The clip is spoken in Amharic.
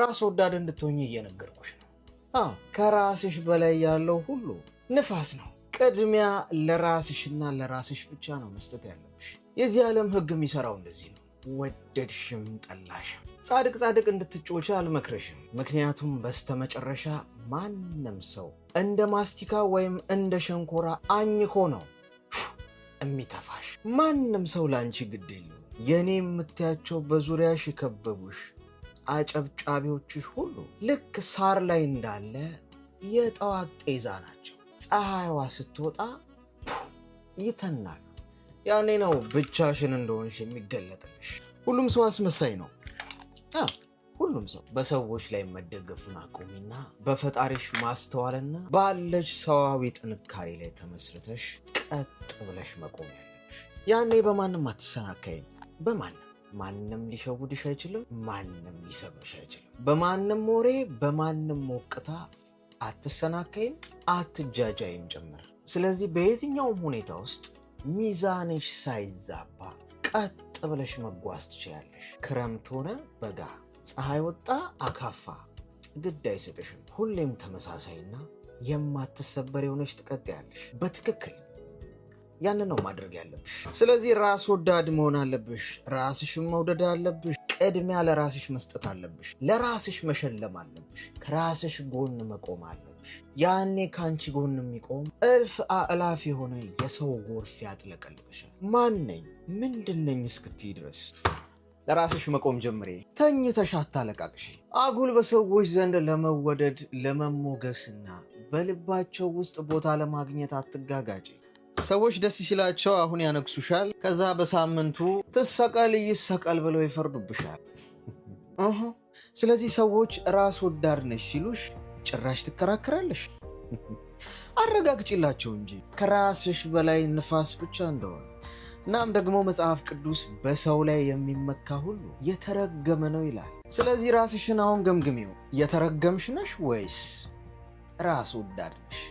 ራስ ወዳድ እንድትሆኝ እየነገርኩሽ ነው። አዎ ከራስሽ በላይ ያለው ሁሉ ንፋስ ነው። ቅድሚያ ለራስሽና ለራስሽ ብቻ ነው መስጠት ያለብሽ። የዚህ ዓለም ሕግ የሚሰራው እንደዚህ ነው። ወደድሽም ጠላሽም ጻድቅ ጻድቅ እንድትጮች አልመክረሽም ምክንያቱም በስተመጨረሻ ማንም ሰው እንደ ማስቲካ ወይም እንደ ሸንኮራ አኝኮ ነው የሚተፋሽ። ማንም ሰው ለአንቺ ግድ የለው። የእኔ የምትያቸው በዙሪያሽ የከበቡሽ አጨብጫቢዎች ሁሉ ልክ ሳር ላይ እንዳለ የጠዋት ጤዛ ናቸው። ፀሐይዋ ስትወጣ ይተናሉ። ያኔ ነው ብቻሽን እንደሆንሽ የሚገለጥልሽ። ሁሉም ሰው አስመሳይ ነው። ሁሉም ሰው በሰዎች ላይ መደገፉን አቁሚና በፈጣሪሽ ማስተዋልና ባለሽ ሰዋዊ ጥንካሬ ላይ ተመስርተሽ ቀጥ ብለሽ መቆም ያለሽ። ያኔ በማንም አትሰናካይም፣ በማንም ማንም ሊሸውድሽ አይችልም። ማንም ሊሰብርሽ አይችልም። በማንም ወሬ፣ በማንም ሞቅታ አትሰናከይም፣ አትጃጃይም ጭምር። ስለዚህ በየትኛውም ሁኔታ ውስጥ ሚዛንሽ ሳይዛባ ቀጥ ብለሽ መጓዝ ትችላለሽ። ክረምት ሆነ በጋ፣ ፀሐይ ወጣ አካፋ ግድ አይሰጥሽም። ሁሌም ተመሳሳይና የማትሰበር የሆነች ትቀጥያለሽ በትክክል ያንን ነው ማድረግ ያለብሽ። ስለዚህ ራስ ወዳድ መሆን አለብሽ። ራስሽን መውደድ አለብሽ። ቅድሚያ ለራስሽ መስጠት አለብሽ። ለራስሽ መሸለም አለብሽ። ከራስሽ ጎን መቆም አለብሽ። ያኔ ከአንቺ ጎን የሚቆም እልፍ አእላፍ የሆነ የሰው ጎርፍ ያጥለቀልቅሻል። ማን ነኝ ምንድን ነኝ እስክትይ ድረስ ለራስሽ መቆም ጀምሬ ተኝተሽ አታለቃቅሽ። አጉል በሰዎች ዘንድ ለመወደድ ለመሞገስና በልባቸው ውስጥ ቦታ ለማግኘት አትጋጋጭ። ሰዎች ደስ ሲላቸው አሁን ያነግሱሻል። ከዛ በሳምንቱ ትሰቀል ይሰቀል ብለው ይፈርዱብሻል። ስለዚህ ሰዎች ራስ ወዳድ ነሽ ሲሉሽ ጭራሽ ትከራከራለሽ። አረጋግጭላቸው እንጂ ከራስሽ በላይ ንፋስ ብቻ እንደሆነ። እናም ደግሞ መጽሐፍ ቅዱስ በሰው ላይ የሚመካ ሁሉ የተረገመ ነው ይላል። ስለዚህ ራስሽን አሁን ገምግሜው፣ የተረገምሽ ነሽ ወይስ ራስ ወዳድ ነሽ?